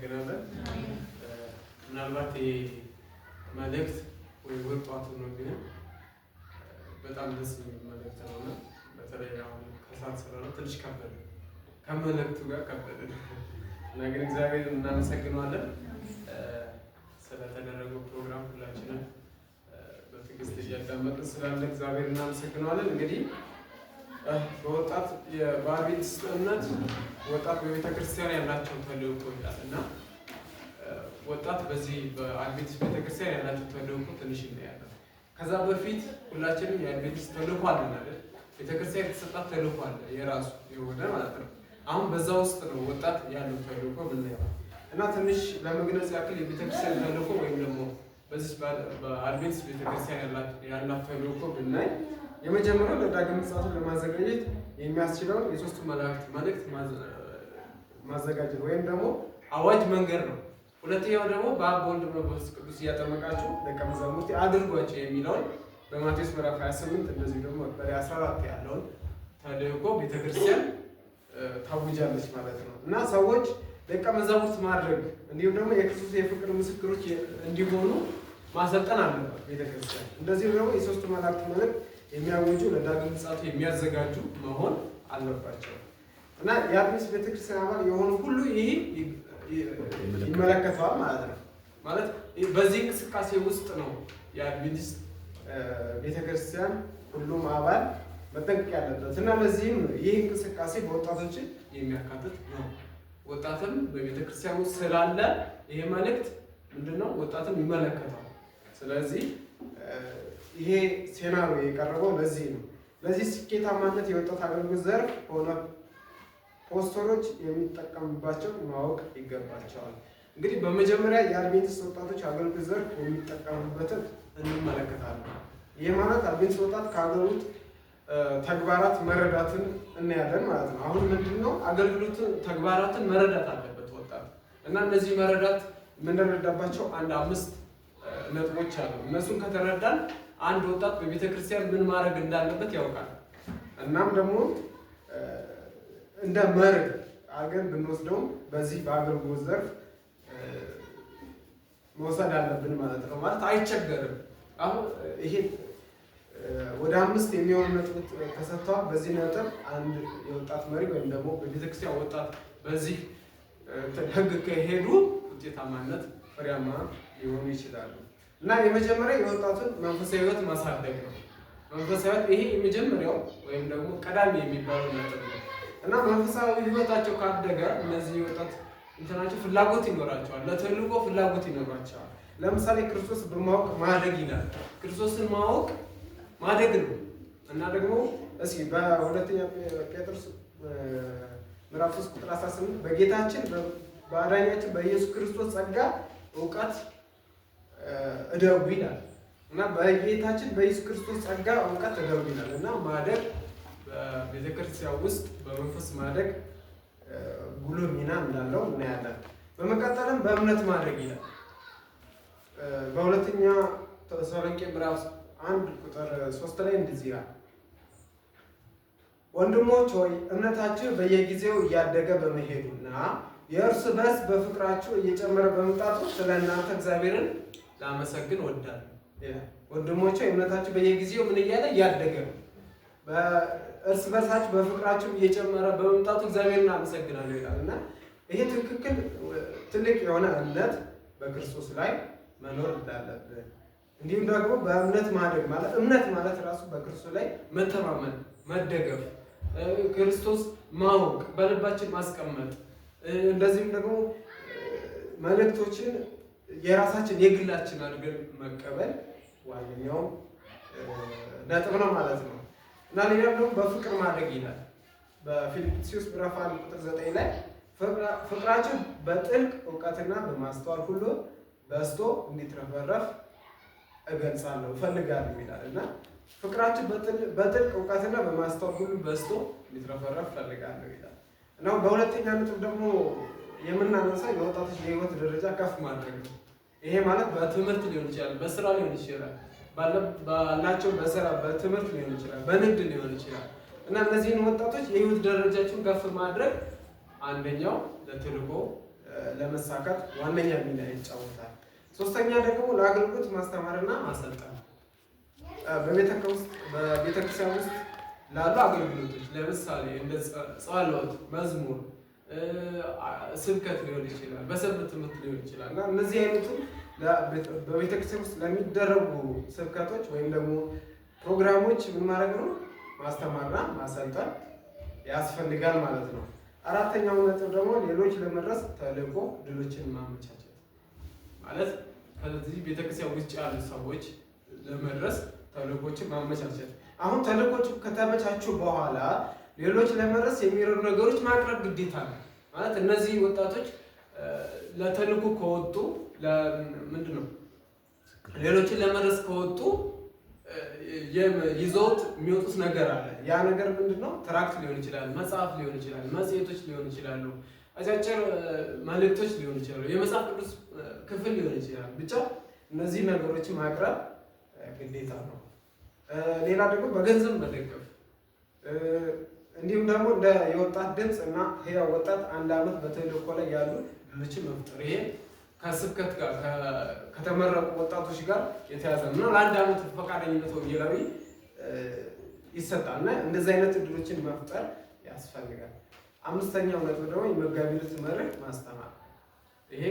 እናመሰግናለን። ምናልባት መልእክት ወይ ወጣቱ ነው ግን በጣም ደስ የሚል መልእክት ነው እና በተለይ አሁን ስለሆነ ትንሽ ከበደ ከመልእክቱ ጋር ከበደ እና ግን እግዚአብሔር እናመሰግነዋለን ስለተደረገው ፕሮግራም ሁላችንም በትዕግስት እያዳመጥን ስላለ እግዚአብሔር እናመሰግነዋለን። እንግዲህ በወጣት ስጥነት ወጣት በቤተክርስቲያን ያላቸው ተልእኮ ይላል እና ወጣት በዚህ በአድቬንቲስት ቤተክርስቲያን ያላችሁ ተልእኮ ትንሽ እናያለን። ከዛ በፊት ሁላችንም የአድቬንቲስት ተልእኮ አለን አይደል? ቤተክርስቲያን የተሰጣት ተልእኮ አለ የራሱ የሆነ ማለት ነው። አሁን በዛ ውስጥ ነው ወጣት ያለው ተልእኮ ብናየው እና ትንሽ ለመግለጽ ያክል የቤተክርስቲያን ተልእኮ ወይም ደግሞ በዚህ በአድቬንቲስት ቤተክርስቲያን ያላት ተልእኮ ብናይ የመጀመሪያው ለዳግም ምጽአቱን ለማዘጋጀት የሚያስችለውን የሶስቱ መላእክት መልእክት ማዘጋጀት ወይም ደግሞ አዋጅ መንገድ ነው ሁለተኛው ደግሞ በአብ በወልድ በመንፈስ ቅዱስ እያጠመቃችሁ ደቀ መዛሙርቴ አድርጓቸው የሚለውን በማቴዎስ ምዕራፍ 28 እንደዚሁ ደግሞ መቁጠሪያ 14 ያለውን ተልእኮ ቤተክርስቲያን ታውጃለች ማለት ነው እና ሰዎች ደቀ መዛሙርት ማድረግ እንዲሁም ደግሞ የክርስቶስ የፍቅር ምስክሮች እንዲሆኑ ማሰልጠን አለባት ቤተክርስቲያን። እንደዚሁም ደግሞ የሶስቱ መላእክት መልእክት የሚያወጁ ለዳግም ምጽአቱ የሚያዘጋጁ መሆን አለባቸው እና የአድሚስ ቤተክርስቲያን አባል የሆኑ ሁሉ ይህ ይመለከተዋል ማለት ነው። ማለት በዚህ እንቅስቃሴ ውስጥ ነው የአድቬንቲስት ቤተክርስቲያን ሁሉም አባል መጠንቀቅ ያለበት እና ለዚህም ይህ እንቅስቃሴ በወጣቶች የሚያካትት ነው። ወጣትም በቤተክርስቲያን ውስጥ ስላለ ይሄ መልእክት ምንድነው? ወጣትም ይመለከተዋል። ስለዚህ ይሄ ሴናሪዮ የቀረበው ለዚህ ነው። ለዚህ ስኬታማነት የወጣት አገልግሎት ዘርፍ ሆነ ፖስተሮች የሚጠቀሙባቸው ማወቅ ይገባቸዋል። እንግዲህ በመጀመሪያ የአድቬንቲስት ወጣቶች አገልግሎት ዘርፍ የሚጠቀሙበትን እንመለከታለን። ይህ ማለት አድቬንቲስት ወጣት ከአገልግሎት ተግባራት መረዳትን እናያለን ማለት ነው። አሁን ምንድን ነው አገልግሎት ተግባራትን መረዳት አለበት ወጣት እና እነዚህ መረዳት የምንረዳባቸው አንድ አምስት ነጥቦች አሉ። እነሱን ከተረዳን አንድ ወጣት በቤተ ክርስቲያን ምን ማድረግ እንዳለበት ያውቃል። እናም ደግሞ እንደ መርህ አገር ብንወስደውም በዚህ በአገልግሎት ዘርፍ መውሰድ አለብን ማለት ነው። ማለት አይቸገርም። አሁን ይሄ ወደ አምስት የሚሆን ነጥብ ተሰጥተዋል። በዚህ ነጥብ አንድ የወጣት መሪ ወይም ደግሞ በቤተክርስቲያን ወጣት በዚህ ህግ ከሄዱ ውጤታማነት ፍሬያማ ሊሆኑ ይችላሉ እና የመጀመሪያ የወጣቱን መንፈሳዊ ህይወት ማሳደግ ነው። መንፈሳዊ ይሄ የመጀመሪያው ወይም ደግሞ ቀዳሚ የሚባለው ነጥብ ነው እና መንፈሳዊ ህይወታቸው ካደገ እነዚህ የወጣት እንትናቸው ፍላጎት ይኖራቸዋል። ለተልዕኮ ፍላጎት ይኖራቸዋል። ለምሳሌ ክርስቶስ በማወቅ ማደግ ይላል። ክርስቶስን ማወቅ ማደግ ነው እና ደግሞ እስኪ በሁለተኛ ጴጥሮስ ምዕራፍ 3 ቁጥር 18 በጌታችን በአዳኛችን በኢየሱስ ክርስቶስ ጸጋ እውቀት እደጉ ይላል እና በጌታችን በኢየሱስ ክርስቶስ ጸጋ እውቀት እደጉ ይላል እና ማደግ በቤተክርስቲያን ውስጥ በመንፈስ ማደግ ጉልህ ሚና እንዳለው እናያለን። በመቀጠልም በእምነት ማድረግ ይላል። በሁለተኛ ተሰሎንቄ ምዕራፍ አንድ ቁጥር ሶስት ላይ እንደዚህ ይላል፣ ወንድሞች ሆይ እምነታችሁ በየጊዜው እያደገ በመሄዱና የእርስ በርስ በፍቅራችሁ እየጨመረ በመምጣቱ ስለ እናንተ እግዚአብሔርን ላመሰግን ወዳል። ወንድሞች ሆይ እምነታችሁ በየጊዜው ምን እያለ እያደገ ነው እርስ በርሳችሁ በፍቅራችሁ እየጨመረ በመምጣቱ እግዚአብሔር እናመሰግናለሁ ይላል እና ይሄ ትክክል ትልቅ የሆነ እምነት በክርስቶስ ላይ መኖር እንዳለብን እንዲሁም ደግሞ በእምነት ማደግ ማለት እምነት ማለት ራሱ በክርስቶስ ላይ መተማመን፣ መደገፍ፣ ክርስቶስ ማወቅ፣ በልባችን ማስቀመጥ እንደዚህም ደግሞ መልእክቶችን የራሳችን የግላችን አድርገን መቀበል ዋነኛው ነጥብ ነው ማለት ነው። እና ሌላም ደግሞ በፍቅር ማድረግ ይላል በፊልጵስዩስ ምዕራፍ አንድ ቁጥር ዘጠኝ ላይ ፍቅራችን በጥልቅ እውቀትና በማስተዋል ሁሉ በዝቶ እንዲትረፈረፍ እገልጻለሁ እፈልጋለሁ ይላል እና ፍቅራችን በጥልቅ እውቀትና በማስተዋል ሁሉ በዝቶ እንዲትረፈረፍ እፈልጋለሁ ይላል እና በሁለተኛ ነጥብ ደግሞ የምናነሳ የወጣቶች የህይወት ደረጃ ከፍ ማድረግ ነው። ይሄ ማለት በትምህርት ሊሆን ይችላል፣ በስራ ሊሆን ይችላል ባላቸው በስራ በትምህርት ሊሆን ይችላል፣ በንግድ ሊሆን ይችላል እና እነዚህን ወጣቶች የህይወት ደረጃቸውን ከፍ ማድረግ አንደኛው ለተልዕኮ ለመሳካት ዋነኛ ሚና ይጫወታል። ሶስተኛ ደግሞ ለአገልግሎት ማስተማርና ማሰልጠን በቤተክርስቲያን ውስጥ ላሉ አገልግሎቶች ለምሳሌ እንደ ጸሎት፣ መዝሙር፣ ስብከት ሊሆን ይችላል፣ በሰንበት ትምህርት ሊሆን ይችላል እና እነዚህ አይነቱን በቤተክርስቲያን ውስጥ ለሚደረጉ ስብከቶች ወይም ደግሞ ፕሮግራሞች ምን ማድረግ ነው ማስተማርና ማሰልጠን ያስፈልጋል ማለት ነው። አራተኛው ነጥብ ደግሞ ሌሎች ለመድረስ ተልዕኮ ድሎችን ማመቻቸት ማለት ከዚህ ቤተክርስቲያን ውጭ ያሉ ሰዎች ለመድረስ ማመቻቸት። አሁን ከተመቻቹ በኋላ ሌሎች ለመድረስ የሚረዱ ነገሮች ማቅረብ ግዴታ ነው ማለት እነዚህ ወጣቶች ለተልዕኮ ከወጡ ምንድን ነው ሌሎችን ለመድረስ ከወጡ ይዘውት የሚወጡት ነገር አለ። ያ ነገር ምንድን ነው? ትራክት ሊሆን ይችላል፣ መጽሐፍ ሊሆን ይችላል፣ መጽሔቶች ሊሆን ይችላሉ፣ አጫጭር መልእክቶች ሊሆን ይችላሉ፣ የመጽሐፍ ቅዱስ ክፍል ሊሆን ይችላል። ብቻ እነዚህ ነገሮችን ማቅረብ ግዴታ ነው። ሌላ ደግሞ በገንዘብ መደገፍ እንዲሁም ደግሞ እንደ የወጣት ድምፅ እና ህያው ወጣት አንድ አመት በተልእኮ ላይ ያሉ ልጆችን መፍጠር ይሄ ከስብከት ጋር ከተመረቁ ወጣቶች ጋር የተያዘ ነው። ለአንድ ዓመት ፈቃደኝነት ወንጌላዊ ይሰጣል እና እንደዚህ አይነት እድሎችን መፍጠር ያስፈልጋል። አምስተኛው ነጥብ ደግሞ የመጋቢነት መርህ ማስተማር። ይሄ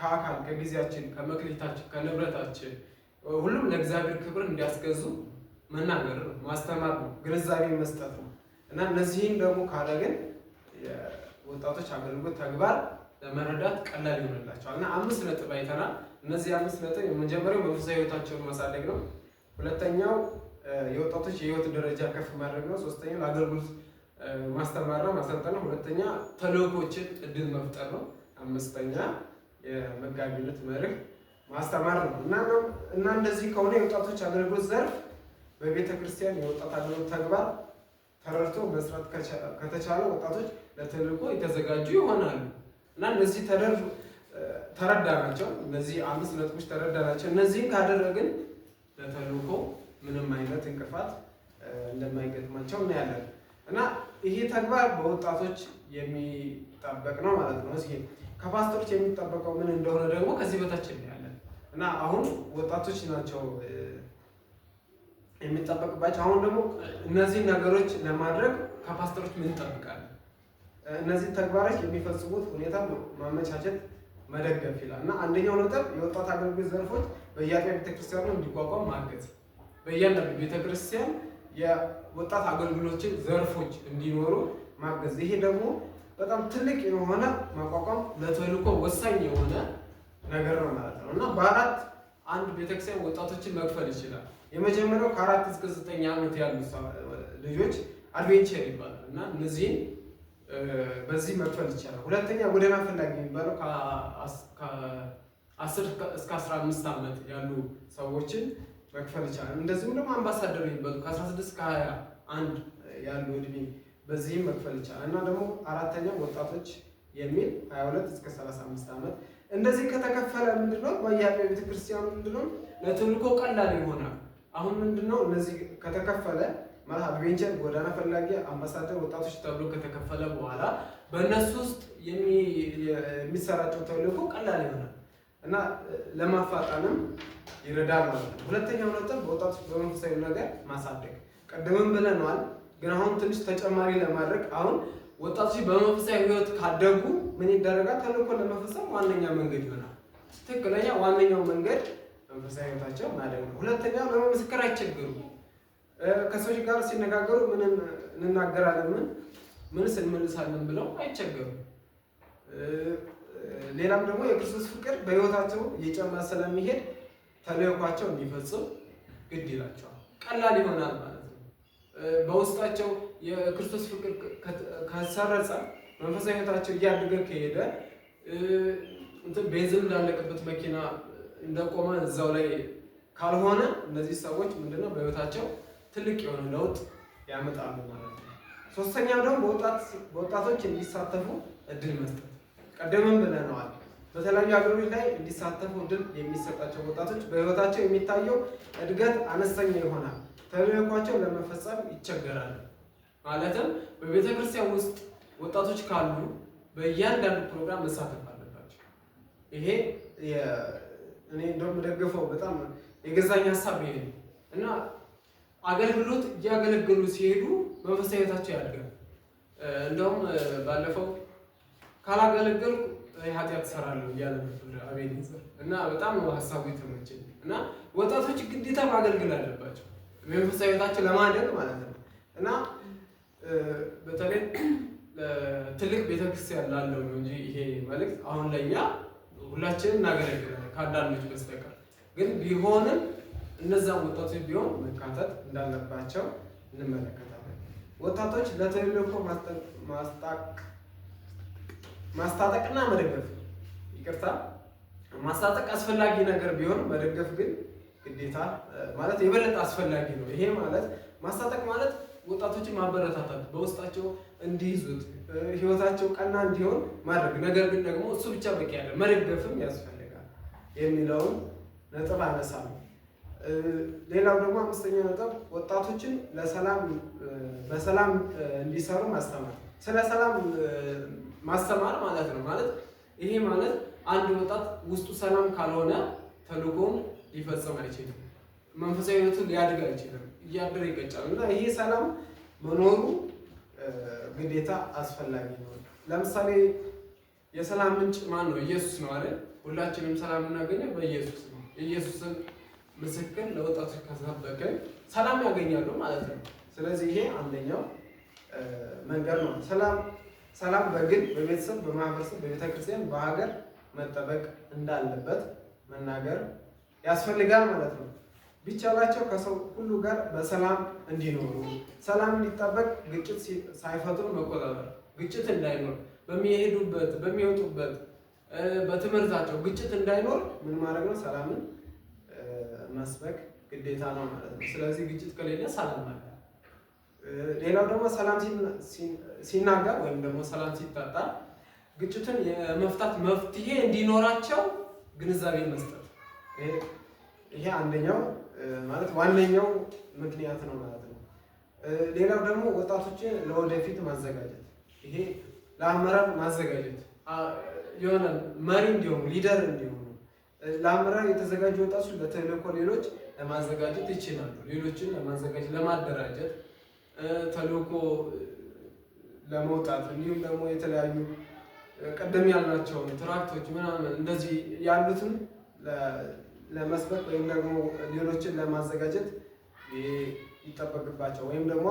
ከአካል ከጊዜያችን፣ ከመክሊታችን፣ ከንብረታችን ሁሉም ለእግዚአብሔር ክብር እንዲያስገዙ መናገር ነው፣ ማስተማር ነው፣ ግንዛቤ መስጠት ነው እና እነዚህን ደግሞ ካለ ግን ወጣቶች አገልግሎት ተግባር ለመረዳት ቀላል ይሆንላቸዋል እና አምስት ነጥብ አይተናል። እነዚህ አምስት ነጥብ የመጀመሪያው መንፈሳዊ ህይወታቸውን ማሳደግ ነው። ሁለተኛው የወጣቶች የህይወት ደረጃ ከፍ ማድረግ ነው። ሶስተኛው ለአገልግሎት ማስተማር ነው ማሰልጠን ነው። ሁለተኛ ተልእኮችን እድል መፍጠር ነው። አምስተኛ የመጋቢነት መርህ ማስተማር ነው እና እንደዚህ ከሆነ የወጣቶች አገልግሎት ዘርፍ በቤተ ክርስቲያን የወጣት አገልግሎት ተግባር ተረድቶ መስራት ከተቻለ ወጣቶች ለተልእኮ የተዘጋጁ ይሆናሉ። እና እነዚህ ተደር ተረዳናቸው። እነዚህ አምስት ነጥቦች ተረዳናቸው። እነዚህን ካደረግን ለተልእኮ ምንም አይነት እንቅፋት እንደማይገጥማቸው እናያለን እና ይሄ ተግባር በወጣቶች የሚጠበቅ ነው ማለት ነው። እስኪ ከፓስተሮች የሚጠበቀው ምን እንደሆነ ደግሞ ከዚህ በታች እናያለን እና አሁን ወጣቶች ናቸው የሚጠበቅባቸው። አሁን ደግሞ እነዚህ ነገሮች ለማድረግ ከፓስተሮች ምን እንጠብቃለን? እነዚህ ተግባሮች የሚፈጽሙት ሁኔታ ማመቻቸት መደገፍ ይላል እና አንደኛው ነጥብ የወጣት አገልግሎት ዘርፎች በየአጥቢያ ቤተክርስቲያኑ እንዲቋቋም ማገዝ፣ በእያንዳንዱ ቤተክርስቲያን የወጣት አገልግሎችን ዘርፎች እንዲኖሩ ማገዝ። ይሄ ደግሞ በጣም ትልቅ የሆነ ማቋቋም ለተልእኮ ወሳኝ የሆነ ነገር ነው ማለት ነው እና በአራት አንድ ቤተክርስቲያን ወጣቶችን መክፈል ይችላል። የመጀመሪያው ከአራት እስከ ዘጠኝ ዓመት ያሉ ልጆች አድቬንቸር ይባላል እና እነዚህን በዚህ መክፈል ይቻላል። ሁለተኛ ጎዳና ፈላጊ የሚባለው ከአስር እስከ አስራ አምስት ዓመት ያሉ ሰዎችን መክፈል ይቻላል። እንደዚሁም ደግሞ አምባሳደር የሚባሉ ከአስራ ስድስት ከሀያ አንድ ያሉ እድሜ በዚህም መክፈል ይቻላል እና ደግሞ አራተኛ ወጣቶች የሚል 22 እስከ 35 ዓመት እንደዚህ ከተከፈለ ምንድነው በየአጥቢያ ቤተክርስቲያኑ ምንድነው ለትልቆ ቀላል ይሆናል። አሁን ምንድነው እነዚህ ከተከፈለ ማለት አድቬንቸር፣ ጎዳና ፈላጊ፣ አምባሳደር ወጣቶች ተብሎ ከተከፈለ በኋላ በእነሱ ውስጥ የሚሰራጨው ተልዕኮ ቀላል ይሆናል እና ለማፋጣንም ይረዳል ማለት ነው። ሁለተኛው ነጥብ በወጣቶች በመንፈሳዊ ነገር ማሳደግ ቀደምም ብለነዋል፣ ግን አሁን ትንሽ ተጨማሪ ለማድረግ አሁን ወጣቶች በመንፈሳዊ ህይወት ካደጉ ምን ይደረጋል? ተልዕኮ ለመፈጸም ዋነኛ መንገድ ይሆናል። ትክክለኛ ዋነኛው መንገድ መንፈሳዊ ህይወታቸው ማደግ ነው። ሁለተኛው ለመመስከር አይቸገሩም። ከሰዎች ጋር ሲነጋገሩ ምን እንናገራለን፣ ምን ምንስ እንመልሳለን ብለው አይቸገሩም። ሌላም ደግሞ የክርስቶስ ፍቅር በህይወታቸው እየጨመረ ስለሚሄድ ተልዕኳቸው እንዲፈጽም ግድ ይላቸዋል። ቀላል ይሆናል ማለት ነው። በውስጣቸው የክርስቶስ ፍቅር ከሰረጸ መንፈሳዊ ህይወታቸው እያደገ ከሄደ ቤንዚን እንዳለቀበት መኪና እንደቆመ እዛው ላይ ካልሆነ እነዚህ ሰዎች ምንድነው በህይወታቸው? ትልቅ የሆነ ለውጥ ያመጣሉ ማለት ነው። ሶስተኛው ደግሞ በወጣቶች እንዲሳተፉ እድል መስጠት፣ ቀደምም ብለነዋል። በተለያዩ ሀገሮች ላይ እንዲሳተፉ እድል የሚሰጣቸው ወጣቶች በህይወታቸው የሚታየው እድገት አነስተኛ ይሆናል፣ ተልዕኳቸው ለመፈጸም ይቸገራሉ። ማለትም በቤተ ክርስቲያን ውስጥ ወጣቶች ካሉ በእያንዳንዱ ፕሮግራም መሳተፍ አለባቸው። ይሄ እኔ እንደምደግፈው በጣም የገዛኝ ሀሳብ ይሄ እና አገልግሎት እያገለገሉ ሲሄዱ መንፈሳዊነታቸው ያድጋል። እንደውም ባለፈው ካላገለገልኩ ኃጢአት እሰራለሁ እያለ ነበር አቤኔዘር እና በጣም ሀሳቡ የተመቸኝ እና ወጣቶች ግዴታ ማገልገል አለባቸው መንፈሳዊነታቸው ለማደግ ማለት ነው እና በተለይ ትልቅ ቤተክርስቲያን ላለው ነው እንጂ ይሄ መልእክት አሁን ለእኛ ሁላችንም እናገለግላለን ከአንዳንዶች በስተቀር ግን ቢሆንም እነዛም ወጣቶች ቢሆን መካተት እንዳለባቸው እንመለከታለን። ወጣቶች ለተልዕኮ ማስታጠቅና መደገፍ ይቅርታ ማስታጠቅ አስፈላጊ ነገር ቢሆን መደገፍ ግን ግዴታ ማለት የበለጠ አስፈላጊ ነው። ይሄ ማለት ማስታጠቅ ማለት ወጣቶችን ማበረታታት በውስጣቸው እንዲይዙት ህይወታቸው ቀና እንዲሆን ማድረግ፣ ነገር ግን ደግሞ እሱ ብቻ በቂ ያለ መደገፍም ያስፈልጋል የሚለውን ነጥብ አነሳለሁ። ሌላው ደግሞ አምስተኛ ነጥብ ወጣቶችን ለሰላም በሰላም እንዲሰሩ ማስተማር። ስለ ሰላም ማስተማር ማለት ነው። ማለት ይሄ ማለት አንድ ወጣት ውስጡ ሰላም ካልሆነ ተልእኮውን ሊፈጸም አይችልም። መንፈሳዊ ህይወቱ ሊያድግ አይችልም። እያደረ ይቀጫል እና ይሄ ሰላም መኖሩ ግዴታ አስፈላጊ ነው። ለምሳሌ የሰላም ምንጭ ማን ነው? ኢየሱስ ነው አይደል? ሁላችንም ሰላም እናገኘ በኢየሱስ ነው። ኢየሱስን ምስክር ለወጣቶች ካስጠበቅን ሰላም ያገኛሉ ማለት ነው። ስለዚህ ይሄ አንደኛው መንገድ ነው። ሰላም ሰላም በግል በቤተሰብ በማህበረሰብ በቤተክርስቲያን በሀገር መጠበቅ እንዳለበት መናገር ያስፈልጋል ማለት ነው። ቢቻላቸው ከሰው ሁሉ ጋር በሰላም እንዲኖሩ ሰላም እንዲጠበቅ ግጭት ሳይፈጥሩ መቆጣጠር፣ ግጭት እንዳይኖር በሚሄዱበት በሚወጡበት በትምህርታቸው ግጭት እንዳይኖር ምን ማድረግ ነው ሰላምን መስበክ ግዴታ ነው ማለት ነው። ስለዚህ ግጭት ከሌለ ሰላም አለ። ሌላው ደግሞ ሰላም ሲናገር ወይም ደግሞ ሰላም ሲፈጠር ግጭቱን የመፍታት መፍትሄ እንዲኖራቸው ግንዛቤ መስጠት፣ ይሄ አንደኛው ማለት ዋነኛው ምክንያት ነው ማለት ነው። ሌላው ደግሞ ወጣቶችን ለወደፊት ማዘጋጀት፣ ይሄ ለአመራር ማዘጋጀት የሆነ መሪ እንዲሆኑ ሊደር እንዲሆኑ ለአመራር የተዘጋጁ ወጣቱ ለተልእኮ ሌሎች ለማዘጋጀት ይችላሉ። ሌሎችን ለማዘጋጀት ለማደራጀት ተልእኮ ለመውጣት እንዲሁም ደግሞ የተለያዩ ቀደም ያልናቸውን ትራክቶች ምናምን እንደዚህ ያሉትን ለመስበክ ወይም ደግሞ ሌሎችን ለማዘጋጀት ይጠበቅባቸው ወይም ደግሞ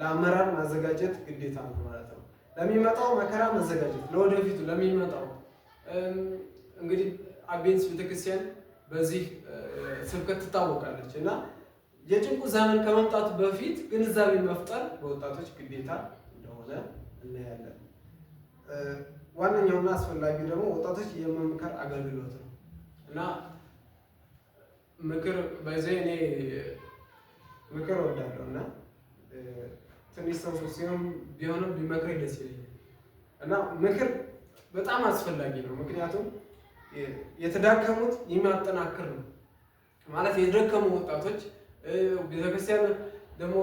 ለአመራር ማዘጋጀት ግዴታ ነው ማለት ነው። ለሚመጣው መከራ መዘጋጀት ለወደፊቱ ለሚመጣው እንግዲህ አድቬንስ ቤተክርስቲያን በዚህ ስብከት ትታወቃለች እና የጭንቁ ዘመን ከመምጣቱ በፊት ግንዛቤ መፍጠር በወጣቶች ግዴታ እንደሆነ እናያለን። ዋነኛውና አስፈላጊው ደግሞ ወጣቶች የመምከር አገልግሎት ነው እና ምክር በዚህ እኔ ምክር እወዳለሁ እና ትንሽ ሰው ሲሆን ቢሆንም ቢመክር ደስ ይለኛል እና ምክር በጣም አስፈላጊ ነው ምክንያቱም የተዳከሙት የሚያጠናክር ነው ማለት የደከሙ ወጣቶች ቤተክርስቲያን ደግሞ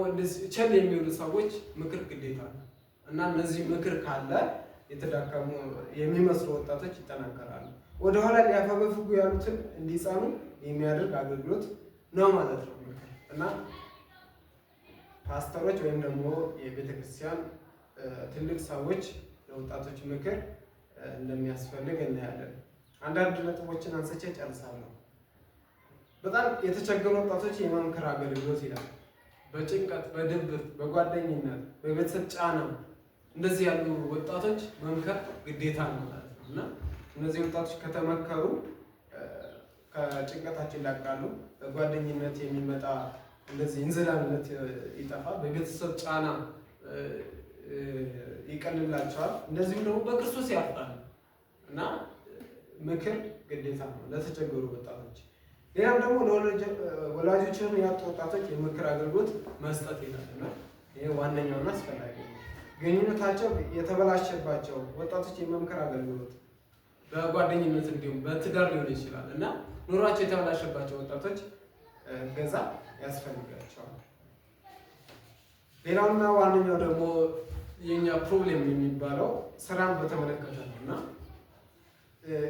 ቸል የሚውሉ ሰዎች ምክር ግዴታ ነው እና እነዚህ ምክር ካለ የተዳከሙ የሚመስሉ ወጣቶች ይጠናከራሉ። ወደኋላ ሊያፈገፍጉ ያሉትን እንዲጸኑ የሚያደርግ አገልግሎት ነው ማለት ነው ምክር እና ፓስተሮች ወይም ደግሞ የቤተክርስቲያን ትልቅ ሰዎች ለወጣቶች ምክር እንደሚያስፈልግ እናያለን። አንዳንድ ነጥቦችን አንስቼ ጨርሳለሁ። በጣም የተቸገሩ ወጣቶች የመምከር አገልግሎት ይላል። በጭንቀት፣ በድብር በጓደኝነት፣ በቤተሰብ ጫና እንደዚህ ያሉ ወጣቶች መምከር ግዴታ ነው ማለት ነው እና እነዚህ ወጣቶች ከተመከሩ ከጭንቀታቸው ይላቃሉ። በጓደኝነት የሚመጣ እንደዚህ እንዝላልነት ይጠፋል። በቤተሰብ ጫና ይቀልላቸዋል። እንደዚሁም ደግሞ በክርስቶስ ያፍራል እና ምክር ግዴታ ነው ለተቸገሩ ወጣቶች። ሌላም ደግሞ ለወላጆችን ያጡ ወጣቶች የምክር አገልግሎት መስጠት ይላልና ይሄ ዋነኛውና አስፈላጊ ነው። ግንኙነታቸው የተበላሸባቸው ወጣቶች የመምከር አገልግሎት በጓደኝነት እንዲሁም በትዳር ሊሆን ይችላል እና ኑሯቸው የተበላሸባቸው ወጣቶች ገዛ ያስፈልጋቸዋል። ሌላውና ዋነኛው ደግሞ የኛ ፕሮብሌም የሚባለው ስራን በተመለከተ ነው እና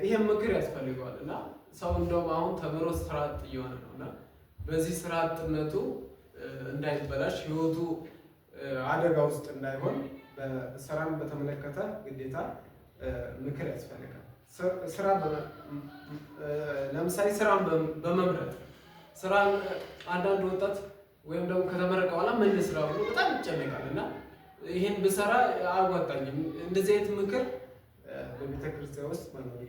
ይሄን ምክር ያስፈልገዋል እና ሰው እንደውም አሁን ተምሮ ስራ አጥ እየሆነ ነው እና በዚህ ስራ አጥነቱ እንዳይበላሽ ህይወቱ አደጋ ውስጥ እንዳይሆን በስራም በተመለከተ ግዴታ ምክር ያስፈልጋል። ስራ ለምሳሌ ስራን በመምረጥ ስራ አንዳንድ ወጣት ወይም ደግሞ ከተመረቀ በኋላ ምን ስራ ብሎ በጣም ይጨነቃል እና ይህን ብሰራ አዋጣኝም እንደዚህ አይነት ምክር ቤተክርስቲያን ውስጥ መኖር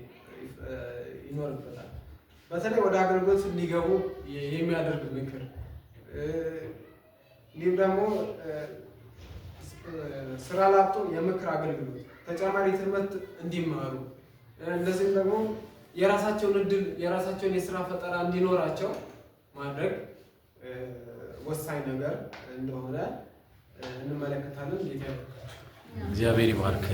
ይኖርበታል። በተለይ ወደ አገልግሎት እንዲገቡ የሚያደርግ ምክር እንዲሁም ደግሞ ስራ ላጡ የምክር አገልግሎት ተጨማሪ ትምህርት እንዲማሩ እንደዚህም ደግሞ የራሳቸውን እድል የራሳቸውን የስራ ፈጠራ እንዲኖራቸው ማድረግ ወሳኝ ነገር እንደሆነ እንመለከታለን። እግዚአብሔር ይባርክ።